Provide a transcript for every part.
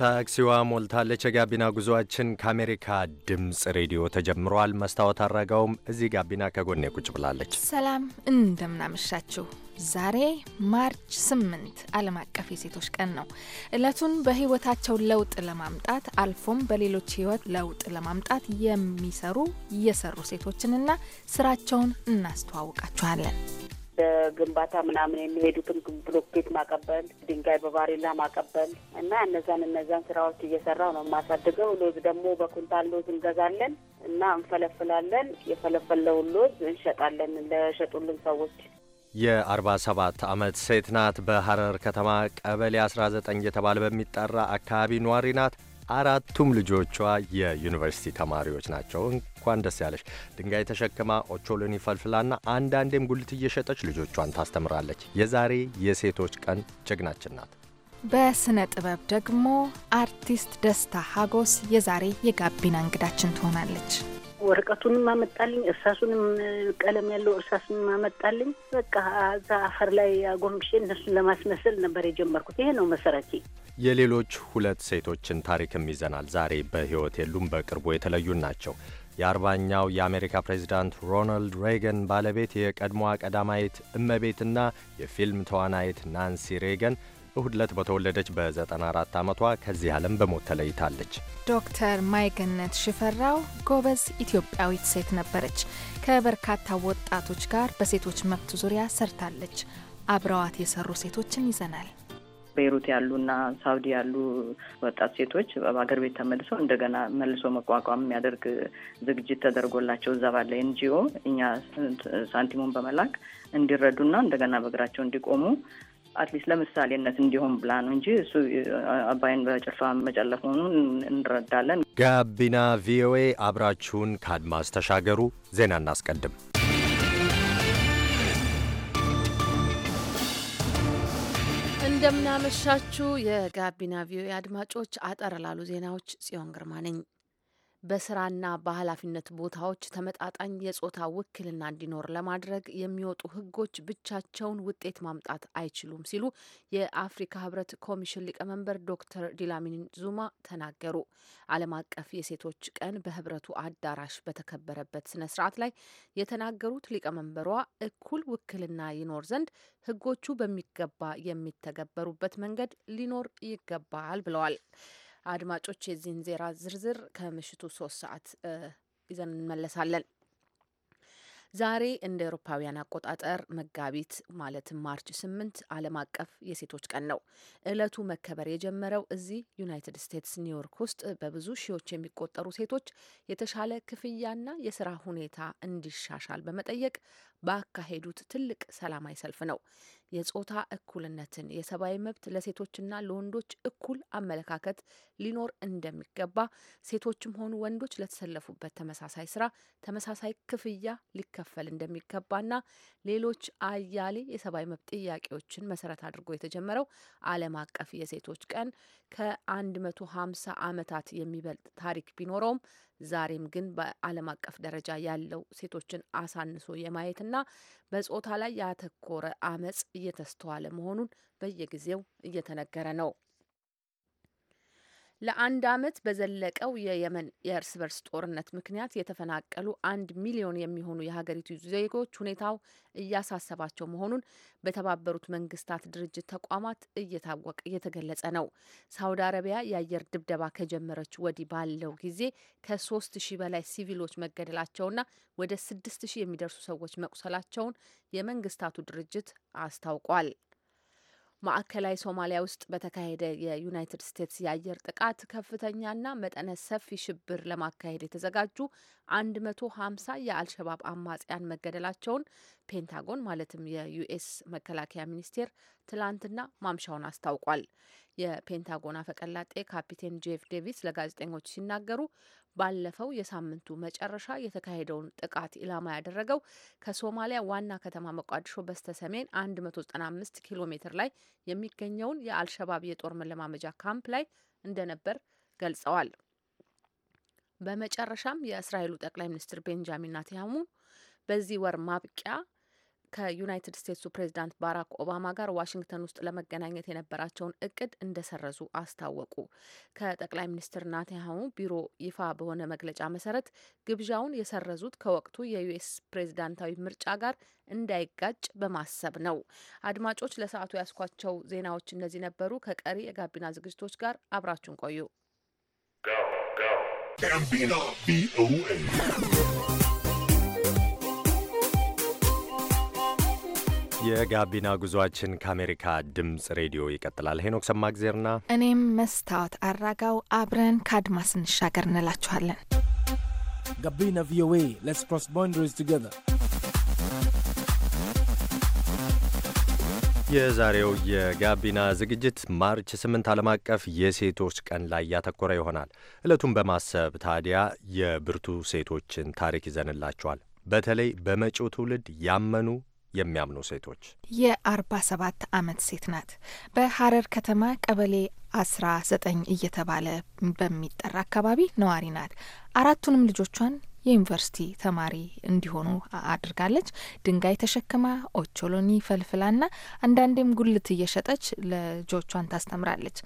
ታክሲዋ ሞልታለች። የጋቢና ጉዞአችን ከአሜሪካ ድምፅ ሬዲዮ ተጀምሯል። መስታወት አረጋውም እዚህ ጋቢና ከጎኔ ቁጭ ብላለች። ሰላም እንደምናመሻችሁ። ዛሬ ማርች 8 ዓለም አቀፍ የሴቶች ቀን ነው። እለቱን በህይወታቸው ለውጥ ለማምጣት አልፎም በሌሎች ህይወት ለውጥ ለማምጣት የሚሰሩ የሰሩ ሴቶችንና ስራቸውን እናስተዋውቃችኋለን። በግንባታ ምናምን የሚሄዱትን ብሎኬት ማቀበል፣ ድንጋይ በባሪላ ማቀበል እና እነዛን እነዛን ስራዎች እየሰራው ነው የማሳድገው። ሎዝ ደግሞ በኩንታል ሎዝ እንገዛለን እና እንፈለፍላለን። የፈለፈለውን ሎዝ እንሸጣለን ለሸጡልን ሰዎች። የ47 ዓመት ሴት ናት። በሐረር ከተማ ቀበሌ 19 የተባለ በሚጠራ አካባቢ ኗሪ ናት። አራቱም ልጆቿ የዩኒቨርሲቲ ተማሪዎች ናቸው። እንኳን ደስ ያለሽ። ድንጋይ ተሸክማ ኦቾሎኒ ፈልፍላና አንዳንዴም ጉልት እየሸጠች ልጆቿን ታስተምራለች። የዛሬ የሴቶች ቀን ጀግናችን ናት። በስነ ጥበብ ደግሞ አርቲስት ደስታ ሀጎስ የዛሬ የጋቢና እንግዳችን ትሆናለች። ወረቀቱንም አመጣልኝ፣ እርሳሱንም ቀለም ያለው እርሳሱንም አመጣልኝ። በቃ እዛ አፈር ላይ አጎንብሼ እነሱን ለማስመሰል ነበር የጀመርኩት። ይሄ ነው መሰረቴ። የሌሎች ሁለት ሴቶችን ታሪክም ይዘናል። ዛሬ በህይወት የሉም፣ በቅርቡ የተለዩን ናቸው። የአርባኛው የአሜሪካ ፕሬዚዳንት ሮናልድ ሬገን ባለቤት የቀድሞዋ ቀዳማዊት እመቤትና የፊልም ተዋናይት ናንሲ ሬገን እሁድ ዕለት በተወለደች በ94 ዓመቷ ከዚህ ዓለም በሞት ተለይታለች። ዶክተር ማይገነት ሽፈራው ጎበዝ ኢትዮጵያዊት ሴት ነበረች። ከበርካታ ወጣቶች ጋር በሴቶች መብት ዙሪያ ሰርታለች። አብረዋት የሰሩ ሴቶችን ይዘናል። ቤይሩት ያሉና ሳውዲ ያሉ ወጣት ሴቶች በሀገር ቤት ተመልሰው እንደገና መልሶ መቋቋም የሚያደርግ ዝግጅት ተደርጎላቸው እዛ ባለ ኤንጂኦ እኛ ሳንቲሙን በመላክ እንዲረዱና እንደገና በእግራቸው እንዲቆሙ አትሊስት ለምሳሌነት እንዲሆን ብላ ነው እንጂ እሱ አባይን በጭልፋ መጨለፍ መሆኑን እንረዳለን። ጋቢና ቪኦኤ አብራችሁን ከአድማስ ተሻገሩ። ዜና እናስቀድም። እንደምናመሻችሁ የጋቢና ቪኦኤ አድማጮች፣ አጠር ላሉ ዜናዎች ጽዮን ግርማ ነኝ። በስራና በኃላፊነት ቦታዎች ተመጣጣኝ የጾታ ውክልና እንዲኖር ለማድረግ የሚወጡ ህጎች ብቻቸውን ውጤት ማምጣት አይችሉም ሲሉ የአፍሪካ ህብረት ኮሚሽን ሊቀመንበር ዶክተር ዲላሚን ዙማ ተናገሩ። ዓለም አቀፍ የሴቶች ቀን በህብረቱ አዳራሽ በተከበረበት ስነ ስርዓት ላይ የተናገሩት ሊቀመንበሯ እኩል ውክልና ይኖር ዘንድ ህጎቹ በሚገባ የሚተገበሩበት መንገድ ሊኖር ይገባል ብለዋል። አድማጮች የዚህን ዜና ዝርዝር ከምሽቱ ሶስት ሰዓት ይዘን እንመለሳለን። ዛሬ እንደ አውሮፓውያን አቆጣጠር መጋቢት ማለትም ማርች ስምንት ዓለም አቀፍ የሴቶች ቀን ነው። እለቱ መከበር የጀመረው እዚህ ዩናይትድ ስቴትስ ኒውዮርክ ውስጥ በብዙ ሺዎች የሚቆጠሩ ሴቶች የተሻለ ክፍያና የስራ ሁኔታ እንዲሻሻል በመጠየቅ ባካሄዱት ትልቅ ሰላማዊ ሰልፍ ነው። የጾታ እኩልነትን፣ የሰብአዊ መብት፣ ለሴቶችና ለወንዶች እኩል አመለካከት ሊኖር እንደሚገባ፣ ሴቶችም ሆኑ ወንዶች ለተሰለፉበት ተመሳሳይ ስራ ተመሳሳይ ክፍያ ሊከፈል እንደሚገባና ሌሎች አያሌ የሰብአዊ መብት ጥያቄዎችን መሰረት አድርጎ የተጀመረው ዓለም አቀፍ የሴቶች ቀን ከ150 ዓመታት የሚበልጥ ታሪክ ቢኖረውም ዛሬም ግን በዓለም አቀፍ ደረጃ ያለው ሴቶችን አሳንሶ የማየትና በጾታ ላይ ያተኮረ አመጽ እየተስተዋለ መሆኑን በየጊዜው እየተነገረ ነው። ለአንድ ዓመት በዘለቀው የየመን የእርስ በርስ ጦርነት ምክንያት የተፈናቀሉ አንድ ሚሊዮን የሚሆኑ የሀገሪቱ ዜጎች ሁኔታው እያሳሰባቸው መሆኑን በተባበሩት መንግስታት ድርጅት ተቋማት እየታወቀ እየተገለጸ ነው። ሳውዲ አረቢያ የአየር ድብደባ ከጀመረች ወዲህ ባለው ጊዜ ከሶስት ሺህ በላይ ሲቪሎች መገደላቸውና ወደ ስድስት ሺህ የሚደርሱ ሰዎች መቁሰላቸውን የመንግስታቱ ድርጅት አስታውቋል። ማዕከላዊ ሶማሊያ ውስጥ በተካሄደ የዩናይትድ ስቴትስ የአየር ጥቃት ከፍተኛና መጠነ ሰፊ ሽብር ለማካሄድ የተዘጋጁ 150 የአልሸባብ አማጽያን መገደላቸውን ፔንታጎን ማለትም የዩኤስ መከላከያ ሚኒስቴር ትላንትና ማምሻውን አስታውቋል። የፔንታጎን አፈቀላጤ ካፒቴን ጄፍ ዴቪስ ለጋዜጠኞች ሲናገሩ ባለፈው የሳምንቱ መጨረሻ የተካሄደውን ጥቃት ኢላማ ያደረገው ከሶማሊያ ዋና ከተማ ሞቃዲሾ በስተ ሰሜን 195 ኪሎ ሜትር ላይ የሚገኘውን የአልሸባብ የጦር መለማመጃ ካምፕ ላይ እንደነበር ገልጸዋል። በመጨረሻም የእስራኤሉ ጠቅላይ ሚኒስትር ቤንጃሚን ናታንያሁ በዚህ ወር ማብቂያ ከዩናይትድ ስቴትሱ ፕሬዚዳንት ባራክ ኦባማ ጋር ዋሽንግተን ውስጥ ለመገናኘት የነበራቸውን እቅድ እንደሰረዙ አስታወቁ። ከጠቅላይ ሚኒስትር ናታንያሁ ቢሮ ይፋ በሆነ መግለጫ መሰረት ግብዣውን የሰረዙት ከወቅቱ የዩኤስ ፕሬዚዳንታዊ ምርጫ ጋር እንዳይጋጭ በማሰብ ነው። አድማጮች ለሰዓቱ ያስኳቸው ዜናዎች እነዚህ ነበሩ። ከቀሪ የጋቢና ዝግጅቶች ጋር አብራችሁን ቆዩ። B-O-A. የጋቢና ጉዟችን ከአሜሪካ ድምፅ ሬዲዮ ይቀጥላል። ሄኖክ ሰማግዜርና እኔም መስታወት አራጋው አብረን ከአድማስ እንሻገር እንላችኋለን። ጋቢና ቪኦኤ ሌትስ ክሮስ ቦንደሪስ ቱጌዘር። የዛሬው የጋቢና ዝግጅት ማርች ስምንት ዓለም አቀፍ የሴቶች ቀን ላይ ያተኮረ ይሆናል። ዕለቱን በማሰብ ታዲያ የብርቱ ሴቶችን ታሪክ ይዘንላቸዋል። በተለይ በመጪው ትውልድ ያመኑ የሚያምኑ ሴቶች የአርባ ሰባት አመት ሴት ናት። በሀረር ከተማ ቀበሌ አስራ ዘጠኝ እየተባለ በሚጠራ አካባቢ ነዋሪ ናት። አራቱንም ልጆቿን የዩኒቨርሲቲ ተማሪ እንዲሆኑ አድርጋለች። ድንጋይ ተሸክማ ኦቾሎኒ ፈልፍላና አንዳንዴም ጉልት እየሸጠች ልጆቿን ታስተምራለች።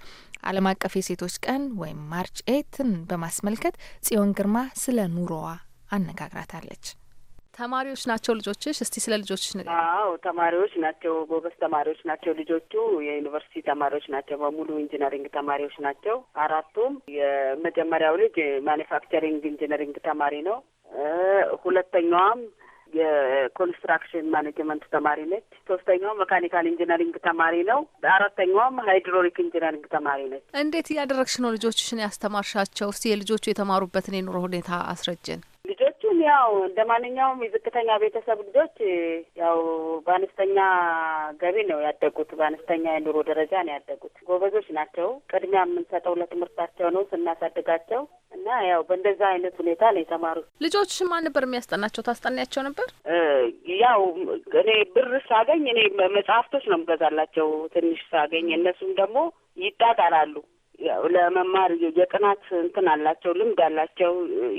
ዓለም አቀፍ የሴቶች ቀን ወይም ማርች ኤትን በማስመልከት ጽዮን ግርማ ስለ ኑሮዋ አነጋግራታለች። ተማሪዎች ናቸው ልጆችሽ? እስቲ ስለ ልጆችሽ ንገሪኝ። አዎ ተማሪዎች ናቸው፣ ጎበዝ ተማሪዎች ናቸው። ልጆቹ የዩኒቨርሲቲ ተማሪዎች ናቸው፣ በሙሉ ኢንጂነሪንግ ተማሪዎች ናቸው። አራቱም። የመጀመሪያው ልጅ ማኒፋክቸሪንግ ኢንጂነሪንግ ተማሪ ነው። ሁለተኛዋም የኮንስትራክሽን ማኔጅመንት ተማሪ ነች። ሶስተኛው መካኒካል ኢንጂነሪንግ ተማሪ ነው። አራተኛውም ሃይድሮሊክ ኢንጂነሪንግ ተማሪ ነች። እንዴት እያደረግሽ ነው ልጆችሽን ያስተማርሻቸው? እስቲ የልጆቹ የተማሩበትን የኑሮ ሁኔታ አስረጅን። ያው እንደ ማንኛውም የዝቅተኛ ቤተሰብ ልጆች ያው በአነስተኛ ገቢ ነው ያደጉት። በአነስተኛ የኑሮ ደረጃ ነው ያደጉት። ጎበዞች ናቸው። ቅድሚያ የምንሰጠው ለትምህርታቸው ነው ስናሳድጋቸው እና ያው በእንደዛ አይነት ሁኔታ ነው የተማሩት። ልጆች ማን ነበር የሚያስጠናቸው? ታስጠናያቸው ነበር? ያው እኔ ብር ሳገኝ እኔ መጽሐፍቶች ነው ምገዛላቸው ትንሽ ሳገኝ። እነሱም ደግሞ ይጣጣላሉ ያው ለመማር የጥናት እንትን አላቸው፣ ልምድ አላቸው።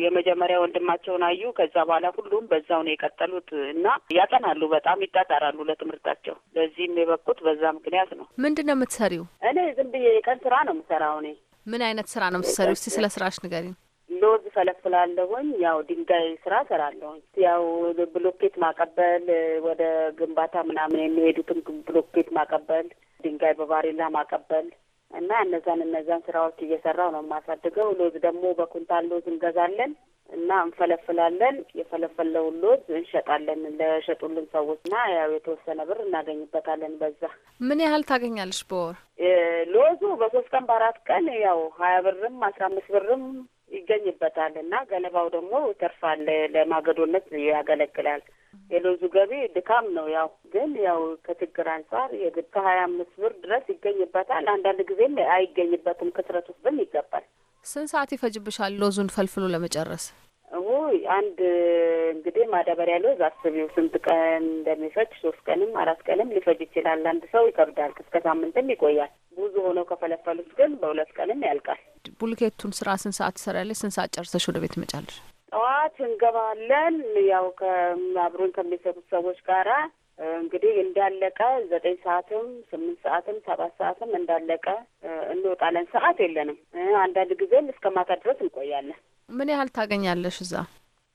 የመጀመሪያ ወንድማቸውን አዩ። ከዛ በኋላ ሁሉም በዛው ነው የቀጠሉት እና ያጠናሉ፣ በጣም ይጣጣራሉ ለትምህርታቸው። ለዚህም የበቁት በዛ ምክንያት ነው። ምንድን ነው የምትሰሪው? እኔ ዝም ብዬ የቀን ስራ ነው የምሰራው። እኔ ምን አይነት ስራ ነው የምትሰሪው? እስቲ ስለ ስራሽ ንገሪኝ። ሎዝ ፈለፍላለሁኝ። ያው ድንጋይ ስራ ሰራለሁኝ። ያው ብሎኬት ማቀበል፣ ወደ ግንባታ ምናምን የሚሄዱትን ብሎኬት ማቀበል፣ ድንጋይ በባሪላ ማቀበል እና እነዛን እነዛን ስራዎች እየሰራው ነው የማሳድገው። ሎዝ ደግሞ በኩንታል ሎዝ እንገዛለን እና እንፈለፍላለን። የፈለፈለውን ሎዝ እንሸጣለን ለሸጡልን ሰዎች እና ያው የተወሰነ ብር እናገኝበታለን። በዛ ምን ያህል ታገኛለች በወር? ሎዙ በሶስት ቀን በአራት ቀን ያው ሀያ ብርም አስራ አምስት ብርም ይገኝበታል እና ገለባው ደግሞ ተርፋለ ለማገዶነት ያገለግላል። የሎዙ ገቢ ድካም ነው። ያው ግን ያው ከችግር አንጻር የግድ ከሀያ አምስት ብር ድረስ ይገኝበታል። አንዳንድ ጊዜም አይገኝበትም። ክትረት ውስጥም ይገባል። ስንት ሰዓት ይፈጅብሻል ሎዙን ፈልፍሎ ለመጨረስ? ውይ አንድ እንግዲህ ማዳበሪያ ሎዝ አስቢው ስንት ቀን እንደሚፈጅ ሶስት ቀንም አራት ቀንም ሊፈጅ ይችላል። አንድ ሰው ይከብዳል። እስከ ሳምንትም ይቆያል። ብዙ ሆነው ከፈለፈሉት ግን በሁለት ቀንም ያልቃል። ቡልኬቱን ስራ ስንት ሰዓት ትሰሪያለሽ? ስንት ሰዓት ጨርሰሽ ወደ ቤት መጫለሽ? ጠዋት እንገባለን። ያው ከአብሮን ከሚሰሩት ሰዎች ጋራ እንግዲህ እንዳለቀ ዘጠኝ ሰዓትም ስምንት ሰዓትም ሰባት ሰዓትም እንዳለቀ እንወጣለን። ሰዓት የለንም። አንዳንድ ጊዜም እስከ ማታ ድረስ እንቆያለን። ምን ያህል ታገኛለሽ እዛ?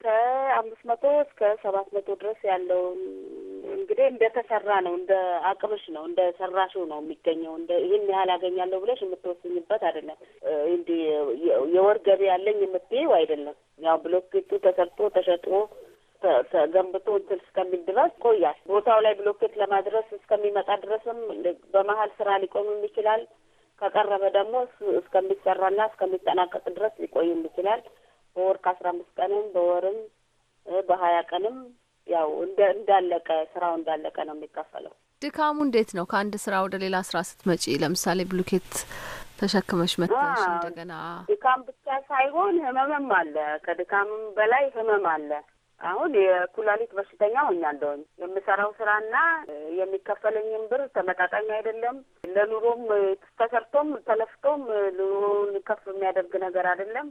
ከአምስት መቶ እስከ ሰባት መቶ ድረስ ያለውን እንግዲህ እንደተሰራ ነው፣ እንደ አቅምሽ ነው፣ እንደ ሰራሹ ነው የሚገኘው። እንደ ይህን ያህል አገኛለሁ ብለሽ የምትወስኝበት አይደለም። እንዲ የወር ገቢ ያለኝ የምትይው አይደለም። ያው ብሎኬቱ ተሰርቶ ተሸጥሞ ተገንብቶ እንትን እስከሚል ድረስ ቆያል። ቦታው ላይ ብሎኬት ለማድረስ እስከሚመጣ ድረስም በመሀል ስራ ሊቆምም ይችላል። ከቀረበ ደግሞ እስከሚሰራና እስከሚጠናቀቅ ድረስ ሊቆይም ይችላል። በወር ከአስራ አምስት ቀንም በወርም በሀያ ቀንም ያው እንዳለቀ ስራው እንዳለቀ ነው የሚከፈለው። ድካሙ እንዴት ነው? ከአንድ ስራ ወደ ሌላ ስራ ስትመጪ ለምሳሌ ብሎኬት ተሸክመሽ መጥተሽ እንደገና ድካም ብቻ ሳይሆን ህመምም አለ። ከድካምም በላይ ህመም አለ። አሁን የኩላሊት በሽተኛ ሆኛለሁኝ። የምሰራው ስራና የሚከፈለኝም ብር ተመጣጣኝ አይደለም። ለኑሮም ተሰርቶም ተለፍቶም ኑሮን ከፍ የሚያደርግ ነገር አይደለም።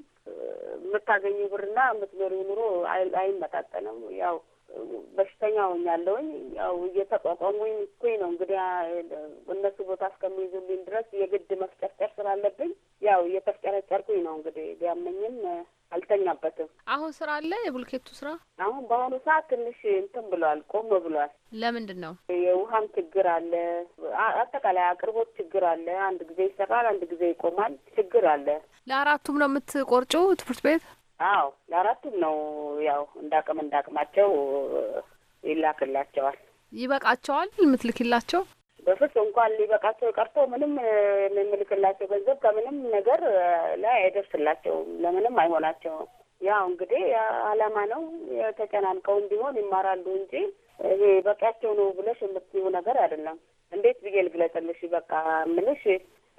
የምታገኙ ብርና የምትኖሪው ኑሮ አይመጣጠንም። ያው በሽተኛ ሆኛለሁኝ። ያው እየተቋቋሙኝ እኩኝ ነው እንግዲህ እነሱ ቦታ እስከሚይዙልኝ ድረስ የግድ መፍጨርጨር ስላለብኝ ያው እየተፍጨረጨርኩኝ ነው እንግዲህ ቢያመኝም አልተኛበትም። አሁን ስራ አለ የቡልኬቱ ስራ አሁን በአሁኑ ሰዓት ትንሽ እንትን ብሏል፣ ቆም ብሏል። ለምንድን ነው? የውሃም ችግር አለ፣ አጠቃላይ አቅርቦት ችግር አለ። አንድ ጊዜ ይሰራል፣ አንድ ጊዜ ይቆማል። ችግር አለ። ለአራቱም ነው የምትቆርጩ ትምህርት ቤት? አዎ ለአራቱም ነው። ያው እንዳቅም እንዳቅማቸው ይላክላቸዋል። ይበቃቸዋል የምትልክላቸው በፍጹም እንኳን ሊበቃቸው ቀርቶ ምንም የምንልክላቸው ገንዘብ ከምንም ነገር ላይ አይደርስላቸውም። ለምንም አይሆናቸውም። ያው እንግዲህ አላማ ነው። የተጨናንቀውም ቢሆን ይማራሉ እንጂ ይሄ በቂያቸው ነው ብለሽ የምትዩ ነገር አይደለም። እንዴት ብዬ ልግለጽልሽ? በቃ ምንሽ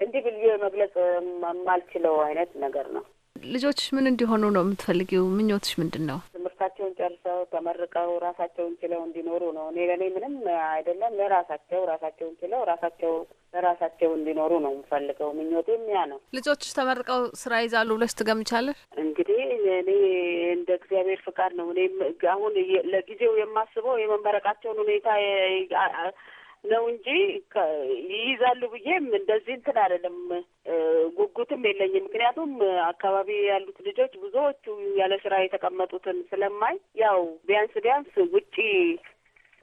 እንዲህ ብዬ መግለጽ የማልችለው አይነት ነገር ነው። ልጆች ምን እንዲሆኑ ነው የምትፈልጊው? ምኞትሽ ምንድን ነው? ትምህርታቸውን ጨርሰው ተመርቀው ራሳቸውን ችለው እንዲኖሩ ነው። እኔ ለእኔ ምንም አይደለም። ለራሳቸው ራሳቸውን ችለው ራሳቸው ለራሳቸው እንዲኖሩ ነው የምፈልገው። ምኞቴም ያ ነው። ልጆች ተመርቀው ስራ ይዛሉ ብለሽ ትገምቻለሽ? እንግዲህ እኔ እንደ እግዚአብሔር ፍቃድ ነው። እኔም አሁን ለጊዜው የማስበው የመመረቃቸውን ሁኔታ ነው እንጂ ይይዛሉ ብዬም እንደዚህ እንትን አይደለም፣ ጉጉትም የለኝም። ምክንያቱም አካባቢ ያሉት ልጆች ብዙዎቹ ያለ ስራ የተቀመጡትን ስለማይ ያው ቢያንስ ቢያንስ ውጪ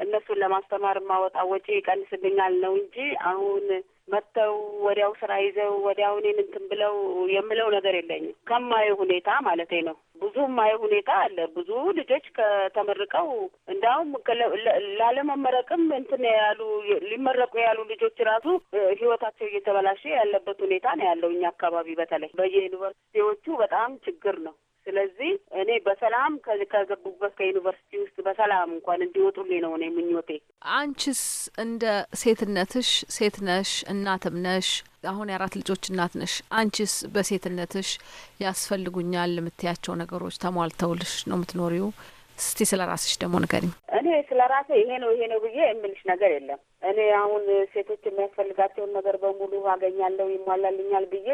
እነሱን ለማስተማር ማወጣ ወጪ ይቀንስልኛል ነው እንጂ አሁን መጥተው ወዲያው ስራ ይዘው ወዲያው እኔን እንትን ብለው የምለው ነገር የለኝም። ከማየ ሁኔታ ማለት ነው። ብዙ ማየ ሁኔታ አለ። ብዙ ልጆች ከተመርቀው እንዳውም ላለመመረቅም እንትን ያሉ ሊመረቁ ያሉ ልጆች ራሱ ህይወታቸው እየተበላሸ ያለበት ሁኔታ ነው ያለው። እኛ አካባቢ በተለይ በየዩኒቨርሲቲዎቹ በጣም ችግር ነው። ስለዚህ እኔ በሰላም ከገቡበት ከዩኒቨርሲቲ ውስጥ በሰላም እንኳን እንዲወጡልኝ ነው እኔ ምኞቴ። አንቺስ እንደ ሴትነትሽ ሴት ነሽ፣ እናትም ነሽ፣ አሁን የአራት ልጆች እናት ነሽ። አንቺስ በሴትነትሽ ያስፈልጉኛል የምትያቸው ነገሮች ተሟልተውልሽ ነው የምትኖሪው? እስቲ ስለ ራስሽ ደግሞ ንገሪኝ። እኔ ስለ ራሴ ይሄ ነው ይሄ ነው ብዬ የምልሽ ነገር የለም። እኔ አሁን ሴቶች የሚያስፈልጋቸውን ነገር በሙሉ አገኛለሁ፣ ይሟላልኛል ብዬ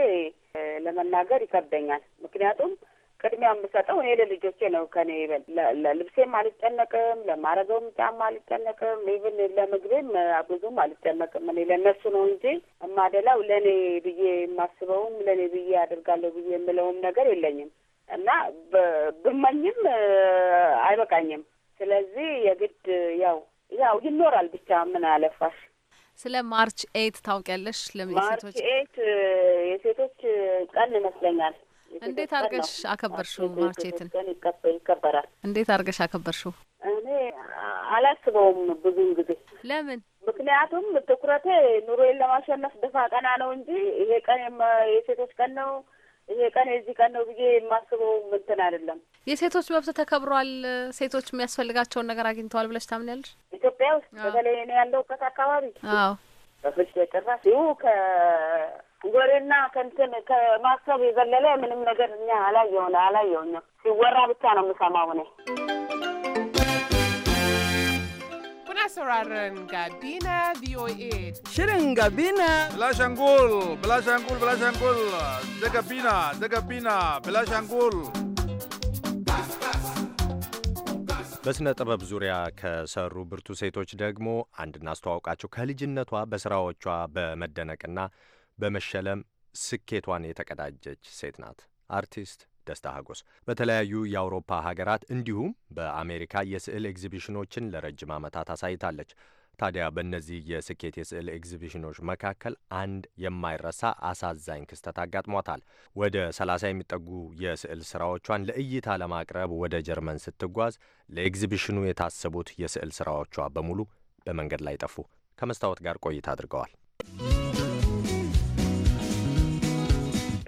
ለመናገር ይከብደኛል። ምክንያቱም ቅድሚያ የምሰጠው እኔ ለልጆቼ ነው። ከኔ ይበል ለልብሴም አልጨነቅም፣ ለማረገውም ጫማ አልጨነቅም፣ ኢቭን ለምግቤም ብዙም አልጨነቅም። እኔ ለእነሱ ነው እንጂ እማደላው ለእኔ ብዬ የማስበውም ለእኔ ብዬ አድርጋለሁ ብዬ የምለውም ነገር የለኝም እና ብመኝም አይበቃኝም። ስለዚህ የግድ ያው ያው ይኖራል ብቻ ምን አለፋሽ። ስለ ማርች ኤት ታውቂያለሽ? ለሴቶች ማርች የሴቶች ቀን ይመስለኛል እንዴት አርገሽ አከበርሽው? ማርቼትን ይከበራል። እንዴት አርገሽ አከበርሽው? እኔ አላስበውም ብዙውን ጊዜ ለምን? ምክንያቱም ትኩረቴ ኑሮዬን ለማሸነፍ ደፋ ቀና ነው እንጂ ይሄ ቀን የሴቶች ቀን ነው ይሄ ቀን የዚህ ቀን ነው ብዬ የማስበው እንትን አይደለም። የሴቶች መብት ተከብሯል፣ ሴቶች የሚያስፈልጋቸውን ነገር አግኝተዋል ብለሽ ታምኛለሽ? ኢትዮጵያ ውስጥ በተለይ እኔ ያለሁበት አካባቢ አዎ በፍጹም ጭራሽ ይሁ ከ ወሬና ከንትን ከማሰብ የዘለለ ምንም ነገር እኛ አላየሆነ አላየሁኝም። ሲወራ ብቻ ነው የምሰማው እኔ። Shirin Gabina. በስነ ጥበብ ዙሪያ ከሰሩ ብርቱ ሴቶች ደግሞ አንድ እናስተዋውቃቸው። ከልጅነቷ በስራዎቿ በመደነቅና በመሸለም ስኬቷን የተቀዳጀች ሴት ናት አርቲስት ደስታ ሀጎስ። በተለያዩ የአውሮፓ ሀገራት እንዲሁም በአሜሪካ የስዕል ኤግዚቢሽኖችን ለረጅም ዓመታት አሳይታለች። ታዲያ በእነዚህ የስኬት የስዕል ኤግዚቢሽኖች መካከል አንድ የማይረሳ አሳዛኝ ክስተት አጋጥሟታል። ወደ 30 የሚጠጉ የስዕል ስራዎቿን ለእይታ ለማቅረብ ወደ ጀርመን ስትጓዝ ለኤግዚቢሽኑ የታሰቡት የስዕል ስራዎቿ በሙሉ በመንገድ ላይ ጠፉ። ከመስታወት ጋር ቆይታ አድርገዋል።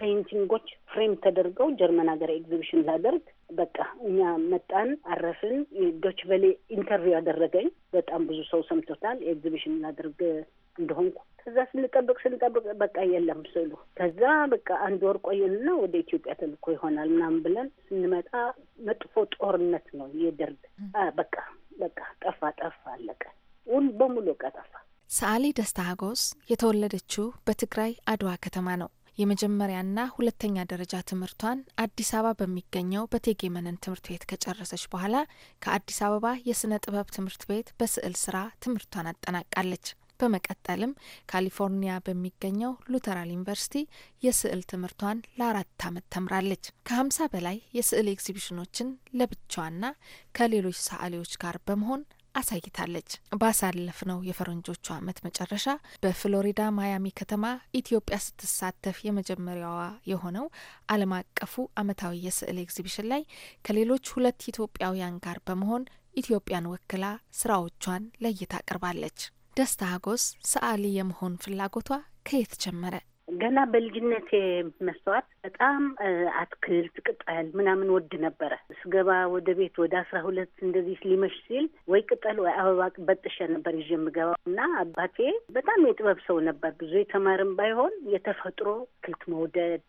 ፔይንቲንጎች ፍሬም ተደርገው ጀርመን ሀገር ኤግዚቢሽን ላደርግ በቃ እኛ መጣን አረፍን። ዶች በሌ ኢንተርቪው ያደረገኝ በጣም ብዙ ሰው ሰምቶታል። ኤግዚቢሽን ላደርግ እንደሆንኩ ከዛ ስንጠብቅ ስንጠብቅ በቃ የለም ስሉ። ከዛ በቃ አንድ ወር ቆየንና ወደ ኢትዮጵያ ተልኮ ይሆናል ምናምን ብለን ስንመጣ መጥፎ ጦርነት ነው የደርግ በቃ በቃ ጠፋ ጠፋ አለቀ። ሁሉ በሙሉ በቃ ጠፋ። ሰዓሊ ደስታ ሀጎስ የተወለደችው በትግራይ አድዋ ከተማ ነው። የመጀመሪያና ሁለተኛ ደረጃ ትምህርቷን አዲስ አበባ በሚገኘው በቴጌ መነን ትምህርት ቤት ከጨረሰች በኋላ ከአዲስ አበባ የስነ ጥበብ ትምህርት ቤት በስዕል ስራ ትምህርቷን አጠናቃለች። በመቀጠልም ካሊፎርኒያ በሚገኘው ሉተራል ዩኒቨርሲቲ የስዕል ትምህርቷን ለአራት ዓመት ተምራለች። ከሀምሳ በላይ የስዕል ኤግዚቢሽኖችን ለብቻዋና ከሌሎች ሰዓሊዎች ጋር በመሆን አሳይታለች። ባሳለፍነው የፈረንጆቹ ዓመት መጨረሻ በፍሎሪዳ ማያሚ ከተማ ኢትዮጵያ ስትሳተፍ የመጀመሪያዋ የሆነው ዓለም አቀፉ ዓመታዊ የስዕል ኤግዚቢሽን ላይ ከሌሎች ሁለት ኢትዮጵያውያን ጋር በመሆን ኢትዮጵያን ወክላ ስራዎቿን ለእይታ አቅርባለች። ደስታ ሀጎስ ሰዓሊ የመሆን ፍላጎቷ ከየት ጀመረ? ገና በልጅነቴ መስተዋት በጣም አትክልት ቅጠል ምናምን ወድ ነበረ። ስገባ ወደ ቤት ወደ አስራ ሁለት እንደዚህ ሊመሽ ሲል ወይ ቅጠል ወይ አበባ በጥሸ ነበር ይዤ የምገባው እና አባቴ በጣም የጥበብ ሰው ነበር። ብዙ የተማርም ባይሆን የተፈጥሮ ክልት መውደድ፣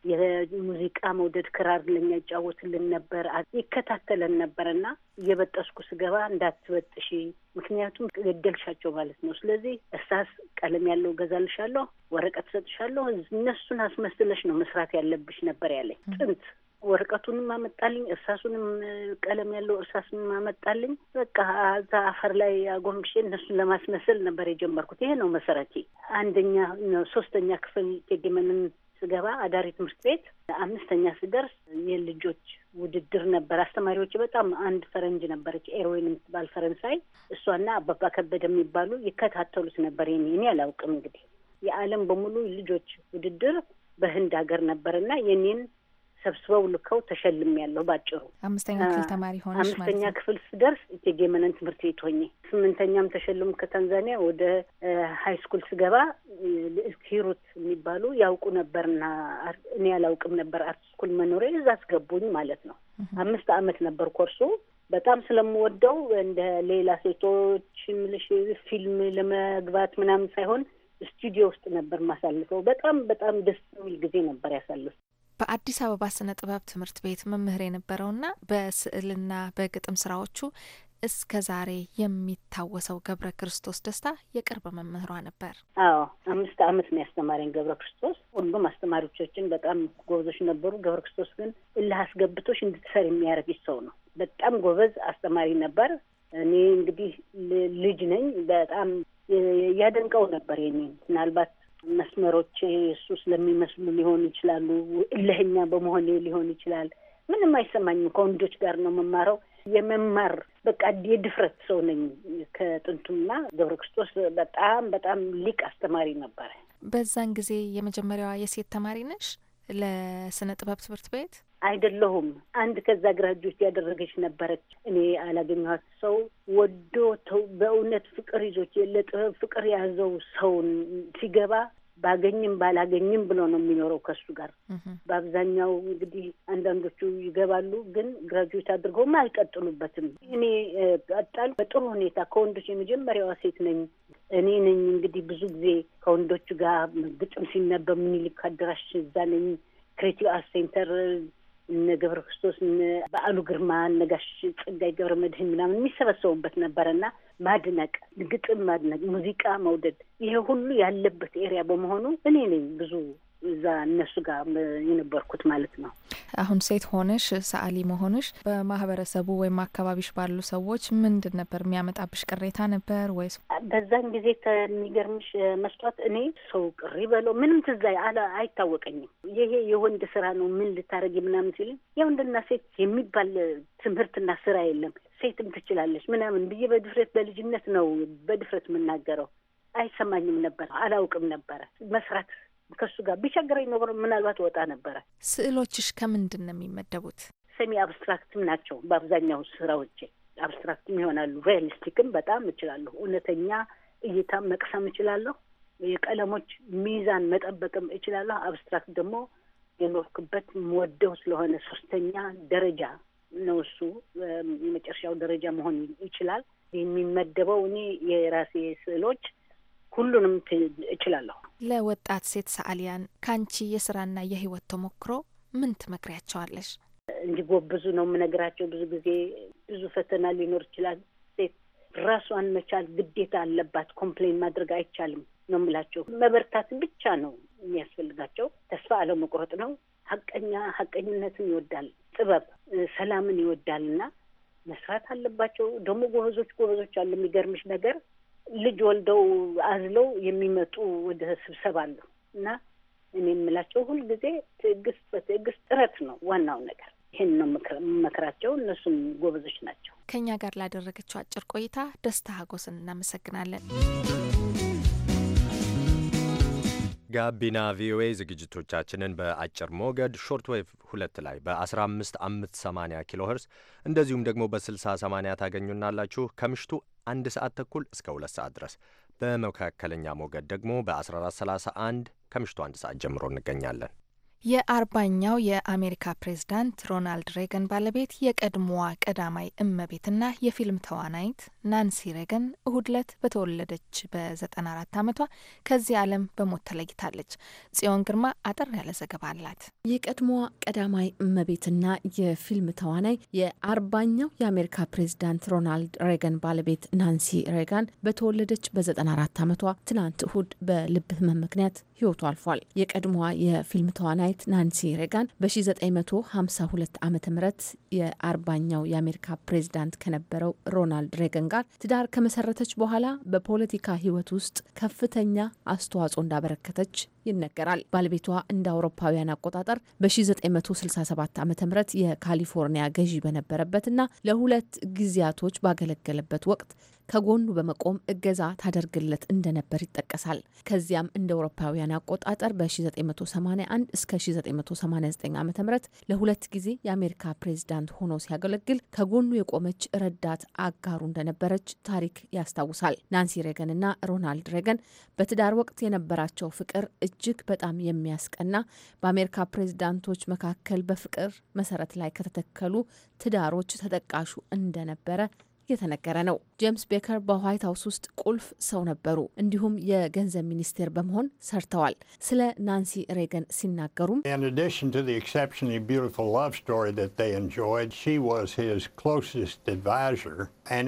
የሙዚቃ መውደድ፣ ክራር ለኛ ይጫወትልን ነበር፣ ይከታተለን ነበር እና እየበጠስኩ ስገባ እንዳትበጥሺ፣ ምክንያቱም ገደልሻቸው ማለት ነው። ስለዚህ እርሳስ ቀለም ያለው ገዛልሻለሁ ወረቀት ሰጥሻለሁ፣ እነሱን አስመስለሽ ነው መስራት ያለብሽ ነበር ያለኝ ጥንት። ወረቀቱንም አመጣልኝ፣ እርሳሱንም ቀለም ያለው እርሳሱንም አመጣልኝ። በቃ እዛ አፈር ላይ አጎንብሼ እነሱን ለማስመሰል ነበር የጀመርኩት። ይሄ ነው መሰረቴ። አንደኛ ሶስተኛ ክፍል ቴጌመንን ስገባ አዳሪ ትምህርት ቤት አምስተኛ ስደርስ የልጆች ውድድር ነበር። አስተማሪዎች በጣም አንድ ፈረንጅ ነበረች ኤርዌን የምትባል ፈረንሳይ፣ እሷና አባባ ከበደ የሚባሉ ይከታተሉት ነበር። እኔ እኔ አላውቅም እንግዲህ የዓለም በሙሉ ልጆች ውድድር በህንድ ሀገር ነበርና የኔን ሰብስበው ልከው ተሸልም ያለሁ ባጭሩ። አምስተኛ ክፍል ተማሪ ሆነ። አምስተኛ ክፍል ስደርስ እቴጌ መነን ትምህርት ቤት ሆኜ ስምንተኛም ተሸልሙ ከታንዛኒያ ወደ ሀይ ስኩል ስገባ ሂሩት የሚባሉ ያውቁ ነበርና እኔ ያላውቅም ነበር አርት ስኩል መኖሪያ እዛ አስገቡኝ ማለት ነው። አምስት አመት ነበር ኮርሱ። በጣም ስለምወደው እንደ ሌላ ሴቶች ምልሽ ፊልም ለመግባት ምናምን ሳይሆን ስቱዲዮ ውስጥ ነበር ማሳልፈው። በጣም በጣም ደስ የሚል ጊዜ ነበር ያሳልፍ በአዲስ አበባ ስነ ጥበብ ትምህርት ቤት መምህር የነበረውና በስዕልና በግጥም ስራዎቹ እስከ ዛሬ የሚታወሰው ገብረ ክርስቶስ ደስታ የቅርብ መምህሯ ነበር። አዎ አምስት ዓመት ነው ያስተማረኝ ገብረ ክርስቶስ። ሁሉም አስተማሪዎቻችን በጣም ጎበዞች ነበሩ። ገብረ ክርስቶስ ግን እልህ አስገብቶች እንድትሰር የሚያደርግ ሰው ነው። በጣም ጎበዝ አስተማሪ ነበር። እኔ እንግዲህ ልጅ ነኝ። በጣም ያደንቀው ነበር የኔን ምናልባት መስመሮች እሱ ስለሚመስሉ ሊሆን ይችላሉ። እልህኛ በመሆኔ ሊሆን ይችላል። ምንም አይሰማኝም። ከወንዶች ጋር ነው የምማረው። የመማር በቃ የድፍረት ሰው ነኝ ከጥንቱና ገብረ ክርስቶስ በጣም በጣም ሊቅ አስተማሪ ነበረ። በዛን ጊዜ የመጀመሪያዋ የሴት ተማሪ ነሽ ለስነ ጥበብ ትምህርት ቤት? አይደለሁም። አንድ ከዛ ግራ እጆች ያደረገች ነበረች። እኔ አላገኘኋት ሰው ወዶ በእውነት ፍቅር ይዞች ለጥበብ ፍቅር ያዘው ሰውን ሲገባ ባገኝም ባላገኝም ብሎ ነው የሚኖረው ከሱ ጋር። በአብዛኛው እንግዲህ አንዳንዶቹ ይገባሉ፣ ግን ግራጁዌት አድርገውም አይቀጥሉበትም። እኔ ቀጣል በጥሩ ሁኔታ ከወንዶች የመጀመሪያዋ ሴት ነኝ። እኔ ነኝ እንግዲህ ብዙ ጊዜ ከወንዶቹ ጋር ግጥም ሲነበብ ምኒልክ አዳራሽ እዛ ነኝ። ክሬቲቭ አርት ሴንተር እነ ገብረ ክርስቶስ፣ እነ በዓሉ ግርማ፣ እነ ጋሽ ጸጋይ ገብረ መድህን ምናምን የሚሰበሰቡበት ነበረና ማድነቅ፣ ግጥም ማድነቅ፣ ሙዚቃ መውደድ ይሄ ሁሉ ያለበት ኤሪያ በመሆኑ እኔ ነኝ ብዙ እዛ እነሱ ጋር የነበርኩት ማለት ነው። አሁን ሴት ሆነሽ ሰዓሊ መሆንሽ በማህበረሰቡ ወይም አካባቢሽ ባሉ ሰዎች ምንድን ነበር የሚያመጣብሽ? ቅሬታ ነበር ወይስ? በዛን ጊዜ ከሚገርምሽ መስጧት እኔ ሰው ቅሪ በለው ምንም ትዝ አይታወቀኝም። ይሄ የወንድ ስራ ነው ምን ልታደረግ ምናምን ሲል የወንድና ሴት የሚባል ትምህርትና ስራ የለም ሴትም ትችላለች ምናምን ብዬ በድፍረት በልጅነት ነው በድፍረት የምናገረው አይሰማኝም ነበር፣ አላውቅም ነበረ መስራት ከሱ ጋር ቢቸግረኝ ኖሮ ምናልባት ወጣ ነበረ። ስዕሎችሽ ከምንድን ነው የሚመደቡት? ሰሚ አብስትራክትም ናቸው በአብዛኛው ስራዎቼ። አብስትራክትም ይሆናሉ፣ ሪያሊስቲክም በጣም እችላለሁ፣ እውነተኛ እይታም መቅሰም እችላለሁ፣ የቀለሞች ሚዛን መጠበቅም እችላለሁ። አብስትራክት ደግሞ የኖርክበት ወደው ስለሆነ ሶስተኛ ደረጃ ነው እሱ የመጨረሻው ደረጃ መሆን ይችላል። የሚመደበው እኔ የራሴ ስዕሎች ሁሉንም እችላለሁ። ለወጣት ሴት ሰዓሊያን ከአንቺ የስራና የህይወት ተሞክሮ ምን ትመክሪያቸዋለሽ? እንዲጎብዙ ነው የምነግራቸው። ብዙ ጊዜ ብዙ ፈተና ሊኖር ይችላል። ሴት ራሷን መቻል ግዴታ አለባት። ኮምፕሌን ማድረግ አይቻልም ነው የምላቸው። መበርታት ብቻ ነው የሚያስፈልጋቸው። ተስፋ አለመቁረጥ ነው። ሀቀኛ ሀቀኝነትን ይወዳል ጥበብ፣ ሰላምን ይወዳል እና መስራት አለባቸው። ደግሞ ጎበዞች ጎበዞች አሉ። የሚገርምሽ ነገር ልጅ ወልደው አዝለው የሚመጡ ወደ ስብሰባ አለሁ እና እኔ የምላቸው ሁልጊዜ ትዕግስት በትዕግስት ጥረት ነው ዋናው ነገር። ይህን ነው መክራቸው። እነሱም ጎበዞች ናቸው። ከእኛ ጋር ላደረገችው አጭር ቆይታ ደስታ ሀጎስን እናመሰግናለን። ጋቢና ቪኦኤ ዝግጅቶቻችንን በአጭር ሞገድ ሾርት ዌቭ ሁለት ላይ በ15580 ኪሎ ኸርስ እንደዚሁም ደግሞ በ6080 ታገኙናላችሁ ከምሽቱ አንድ ሰዓት ተኩል እስከ ሁለት ሰዓት ድረስ በመካከለኛ ሞገድ ደግሞ በ1431 ከምሽቱ አንድ ሰዓት ጀምሮ እንገኛለን። የአርባኛው የአሜሪካ ፕሬዝዳንት ሮናልድ ሬገን ባለቤት የቀድሞዋ ቀዳማይ እመቤትና የፊልም ተዋናይት ናንሲ ሬገን እሁድ ዕለት በተወለደች በ94 ዓመቷ ከዚህ ዓለም በሞት ተለይታለች። ጽዮን ግርማ አጠር ያለ ዘገባ አላት። የቀድሞዋ ቀዳማይ እመቤትና የፊልም ተዋናይ የአርባኛው የአሜሪካ ፕሬዝዳንት ሮናልድ ሬገን ባለቤት ናንሲ ሬጋን በተወለደች በ94 ዓመቷ ትናንት እሁድ በልብ ህመም ምክንያት ህይወቱ አልፏል። የቀድሞዋ የፊልም ተዋናይ ተዋናይት ናንሲ ሬጋን በ1952 ዓ ም የአርባኛው የአሜሪካ ፕሬዚዳንት ከነበረው ሮናልድ ሬገን ጋር ትዳር ከመሰረተች በኋላ በፖለቲካ ህይወት ውስጥ ከፍተኛ አስተዋጽኦ እንዳበረከተች ይነገራል። ባለቤቷ እንደ አውሮፓውያን አቆጣጠር በ1967 ዓ ም የካሊፎርኒያ ገዢ በነበረበትና ለሁለት ጊዜያቶች ባገለገለበት ወቅት ከጎኑ በመቆም እገዛ ታደርግለት እንደነበር ይጠቀሳል። ከዚያም እንደ አውሮፓውያን አቆጣጠር በ1981 እስከ 1989 ዓ ም ለሁለት ጊዜ የአሜሪካ ፕሬዝዳንት ሆኖ ሲያገለግል ከጎኑ የቆመች ረዳት አጋሩ እንደነበረች ታሪክ ያስታውሳል። ናንሲ ሬገን ሮናልድ ሬገን በትዳር ወቅት የነበራቸው ፍቅር እጅግ በጣም የሚያስቀና በአሜሪካ ፕሬዝዳንቶች መካከል በፍቅር መሰረት ላይ ከተተከሉ ትዳሮች ተጠቃሹ እንደነበረ እየተነገረ ነው። ጄምስ ቤከር በዋይት ሀውስ ውስጥ ቁልፍ ሰው ነበሩ። እንዲሁም የገንዘብ ሚኒስቴር በመሆን ሰርተዋል። ስለ ናንሲ ሬገን ሲናገሩም In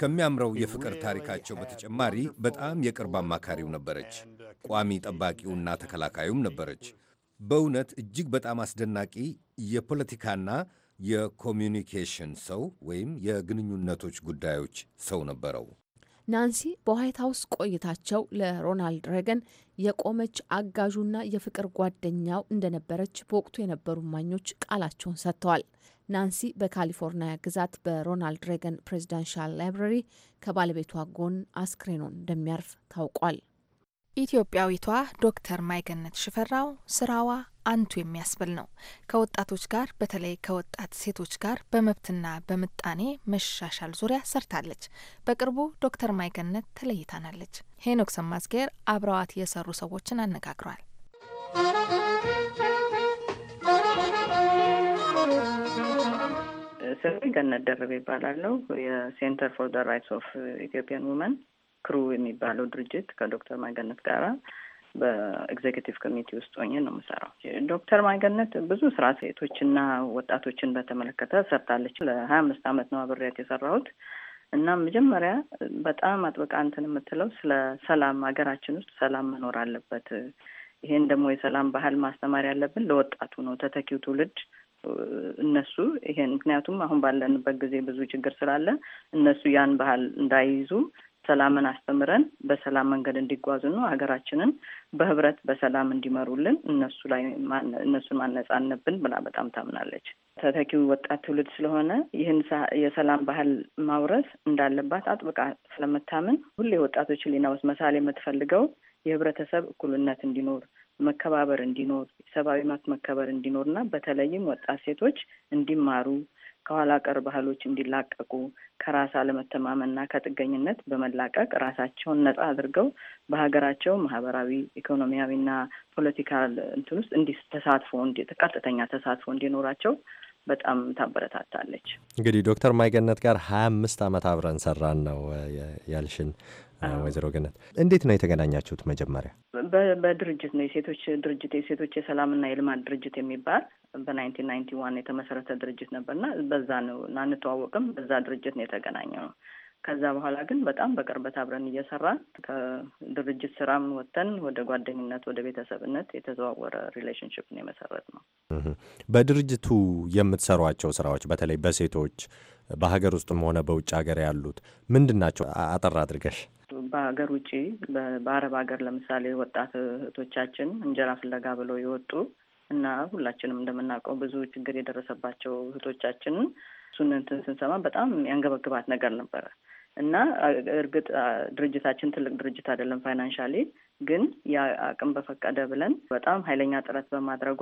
ከሚያምረው የፍቅር ታሪካቸው በተጨማሪ በጣም የቅርብ አማካሪው ነበረች። ቋሚ ጠባቂውና ተከላካዩም ነበረች። በእውነት እጅግ በጣም አስደናቂ የፖለቲካና የኮሚኒኬሽን ሰው ወይም የግንኙነቶች ጉዳዮች ሰው ነበረው። ናንሲ በዋይት ሀውስ ቆይታቸው ለሮናልድ ሬገን የቆመች አጋዡና የፍቅር ጓደኛው እንደነበረች በወቅቱ የነበሩ እማኞች ቃላቸውን ሰጥተዋል። ናንሲ በካሊፎርኒያ ግዛት በሮናልድ ሬገን ፕሬዚዳንሻል ላይብረሪ ከባለቤቷ ጎን አስክሬኑን እንደሚያርፍ ታውቋል። ኢትዮጵያዊቷ ዶክተር ማይገነት ሽፈራው ስራዋ አንቱ የሚያስብል ነው። ከወጣቶች ጋር በተለይ ከወጣት ሴቶች ጋር በመብትና በምጣኔ መሻሻል ዙሪያ ሰርታለች። በቅርቡ ዶክተር ማይገነት ተለይታናለች። ሄኖክ ሰማዝጌር አብረዋት የሰሩ ሰዎችን አነጋግሯል። ገነት ደርቤ ይባላለሁ። የሴንተር ፎር ዘ ራይትስ ኦፍ ኢትዮጵያን ውመን ክሩ የሚባለው ድርጅት ከዶክተር ማይገነት ጋር በኤግዜኪቲቭ ኮሚቴ ውስጥ ሆኜ ነው የምሰራው። ዶክተር ማይገነት ብዙ ስራ ሴቶችና ወጣቶችን በተመለከተ ሰርታለች። ለሀያ አምስት አመት ነው አብሬያት የሰራሁት እና መጀመሪያ በጣም አጥብቃ እንትን የምትለው ስለ ሰላም፣ ሀገራችን ውስጥ ሰላም መኖር አለበት። ይሄን ደግሞ የሰላም ባህል ማስተማር ያለብን ለወጣቱ ነው፣ ተተኪው ትውልድ እነሱ ይሄን ምክንያቱም አሁን ባለንበት ጊዜ ብዙ ችግር ስላለ እነሱ ያን ባህል እንዳይይዙ ሰላምን አስተምረን በሰላም መንገድ ነው። ሀገራችንን በህብረት በሰላም እንዲመሩልን እነሱ ላይ እነሱን ማነጽ አለብን ብላ በጣም ታምናለች። ተተኪው ወጣት ትውልድ ስለሆነ ይህን የሰላም ባህል ማውረስ እንዳለባት አጥብቃ ስለምታምን ሁሌ ወጣቶች ሕሊና ውስጥ የምትፈልገው የህብረተሰብ እኩልነት እንዲኖር መከባበር እንዲኖር የሰብአዊ መብት መከበር እንዲኖር እና በተለይም ወጣት ሴቶች እንዲማሩ ከኋላ ቀር ባህሎች እንዲላቀቁ ከራስ አለመተማመንና ከጥገኝነት በመላቀቅ ራሳቸውን ነጻ አድርገው በሀገራቸው ማህበራዊ ኢኮኖሚያዊና ፖለቲካል እንትን ውስጥ እንዲ ተሳትፎ ቀጥተኛ ተሳትፎ እንዲኖራቸው በጣም ታበረታታለች። እንግዲህ ዶክተር ማይገነት ጋር ሀያ አምስት አመት አብረን ሰራን ነው ያልሽን ወይዘሮ ገነት እንዴት ነው የተገናኛችሁት? መጀመሪያ በድርጅት ነው የሴቶች ድርጅት የሴቶች የሰላምና የልማት ድርጅት የሚባል በናይንቲን ናይንቲ ዋን የተመሰረተ ድርጅት ነበርና በዛ ነው እና በዛ ድርጅት ነው የተገናኘ ነው። ከዛ በኋላ ግን በጣም በቅርበት አብረን እየሰራን ከድርጅት ስራም ወጥተን ወደ ጓደኝነት ወደ ቤተሰብነት የተዘዋወረ ሪሌሽንሽፕ ነው የመሰረት ነው። በድርጅቱ የምትሰሯቸው ስራዎች በተለይ በሴቶች በሀገር ውስጥም ሆነ በውጭ ሀገር ያሉት ምንድን ናቸው? አጠር አድርገሽ። በሀገር ውጭ በአረብ ሀገር ለምሳሌ ወጣት እህቶቻችን እንጀራ ፍለጋ ብለው የወጡ እና ሁላችንም እንደምናውቀው ብዙ ችግር የደረሰባቸው እህቶቻችን እሱን እንትን ስንሰማ በጣም ያንገበግባት ነገር ነበረ እና እርግጥ ድርጅታችን ትልቅ ድርጅት አይደለም ፋይናንሻሊ ግን የአቅም በፈቀደ ብለን በጣም ኃይለኛ ጥረት በማድረጓ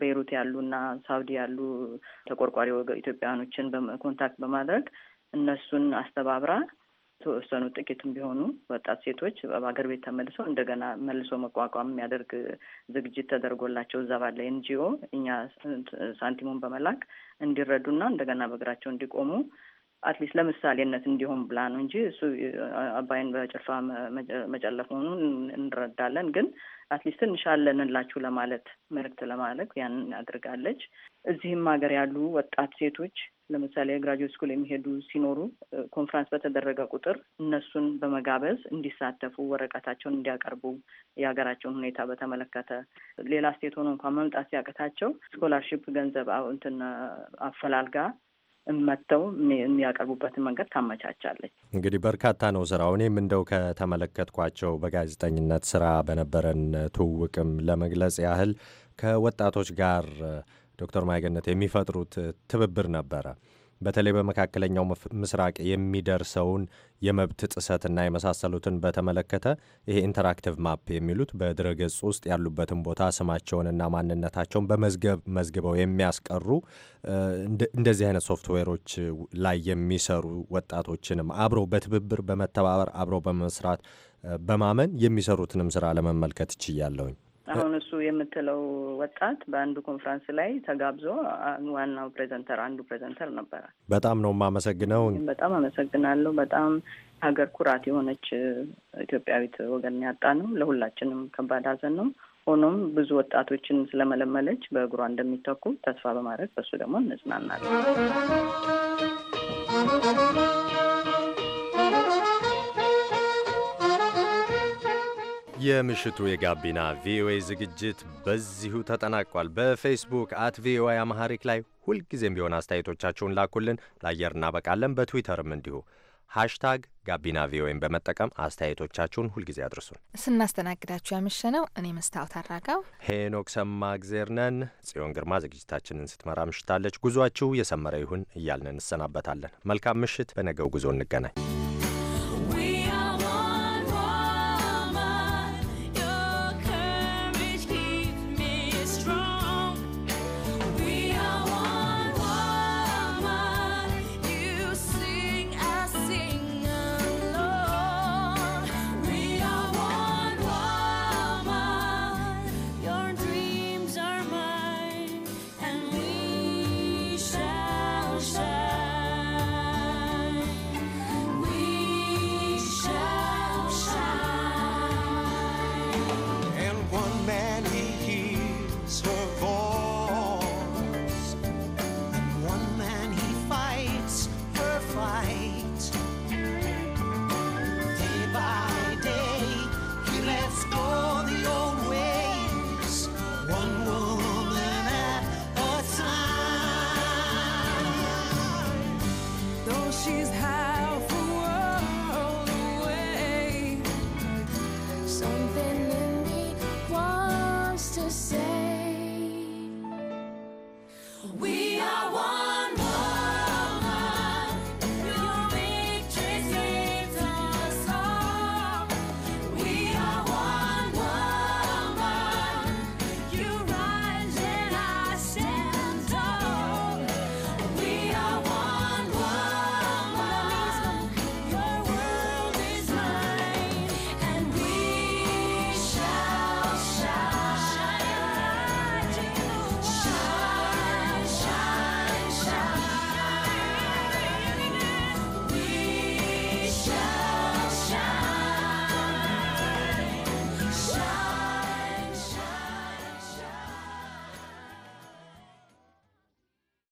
ቤይሩት ያሉና ሳውዲ ያሉ ተቆርቋሪ ኢትዮጵያውያኖችን ኮንታክት በማድረግ እነሱን አስተባብራ ተወሰኑ ጥቂትም ቢሆኑ ወጣት ሴቶች በሀገር ቤት ተመልሰው እንደገና መልሶ መቋቋም የሚያደርግ ዝግጅት ተደርጎላቸው እዛ ባለ ኤንጂኦ እኛ ሳንቲሙን በመላክ እንዲረዱና እንደገና በእግራቸው እንዲቆሙ አትሊስት ለምሳሌነት እንዲሆን ብላ ነው እንጂ እሱ አባይን በጭልፋ መጨለፍ መሆኑን እንረዳለን። ግን አትሊስት ትንሽ አለንላችሁ ለማለት መልእክት ለማለት ያንን አድርጋለች። እዚህም ሀገር ያሉ ወጣት ሴቶች ለምሳሌ ግራጁዌት ስኩል የሚሄዱ ሲኖሩ ኮንፍራንስ በተደረገ ቁጥር እነሱን በመጋበዝ እንዲሳተፉ ወረቀታቸውን እንዲያቀርቡ የሀገራቸውን ሁኔታ በተመለከተ ሌላ ስቴት ሆኖ እንኳን መምጣት ሲያቅታቸው ስኮላርሽፕ ገንዘብ እንትን አፈላልጋ መጥተው የሚያቀርቡበትን መንገድ ታመቻቻለች። እንግዲህ በርካታ ነው ስራው። እኔም እንደው ከተመለከትኳቸው በጋዜጠኝነት ስራ በነበረን ትውውቅም ለመግለጽ ያህል ከወጣቶች ጋር ዶክተር ማይገነት የሚፈጥሩት ትብብር ነበረ። በተለይ በመካከለኛው ምስራቅ የሚደርሰውን የመብት ጥሰትና የመሳሰሉትን በተመለከተ ይሄ ኢንተራክቲቭ ማፕ የሚሉት በድረገጽ ውስጥ ያሉበትን ቦታ ስማቸውንና ማንነታቸውን በመዝገብ መዝግበው የሚያስቀሩ እንደዚህ አይነት ሶፍትዌሮች ላይ የሚሰሩ ወጣቶችንም አብሮ በትብብር በመተባበር አብሮ በመስራት በማመን የሚሰሩትንም ስራ ለመመልከት እችያለሁኝ። አሁን እሱ የምትለው ወጣት በአንዱ ኮንፈረንስ ላይ ተጋብዞ ዋናው ፕሬዘንተር አንዱ ፕሬዘንተር ነበረ። በጣም ነው የማመሰግነው። በጣም አመሰግናለሁ። በጣም ሀገር ኩራት የሆነች ኢትዮጵያዊት ወገን ያጣ ነው። ለሁላችንም ከባድ ሀዘን ነው። ሆኖም ብዙ ወጣቶችን ስለመለመለች በእግሯ እንደሚተኩ ተስፋ በማድረግ በእሱ ደግሞ እንጽናናለን። የምሽቱ የጋቢና ቪኦኤ ዝግጅት በዚሁ ተጠናቋል። በፌስቡክ አት ቪኦኤ አማሐሪክ ላይ ሁልጊዜም ቢሆን አስተያየቶቻችሁን ላኩልን፣ ለአየር እናበቃለን። በትዊተርም እንዲሁ ሃሽታግ ጋቢና ቪኦኤን በመጠቀም አስተያየቶቻችሁን ሁልጊዜ አድርሱን። ስናስተናግዳችሁ ያመሸነው እኔ መስታወት አራጋው፣ ሄኖክ ሰማ እግዜርነን። ጽዮን ግርማ ዝግጅታችንን ስትመራ ምሽታለች። ጉዟችሁ የሰመረ ይሁን እያልን እንሰናበታለን። መልካም ምሽት። በነገው ጉዞ እንገናኝ።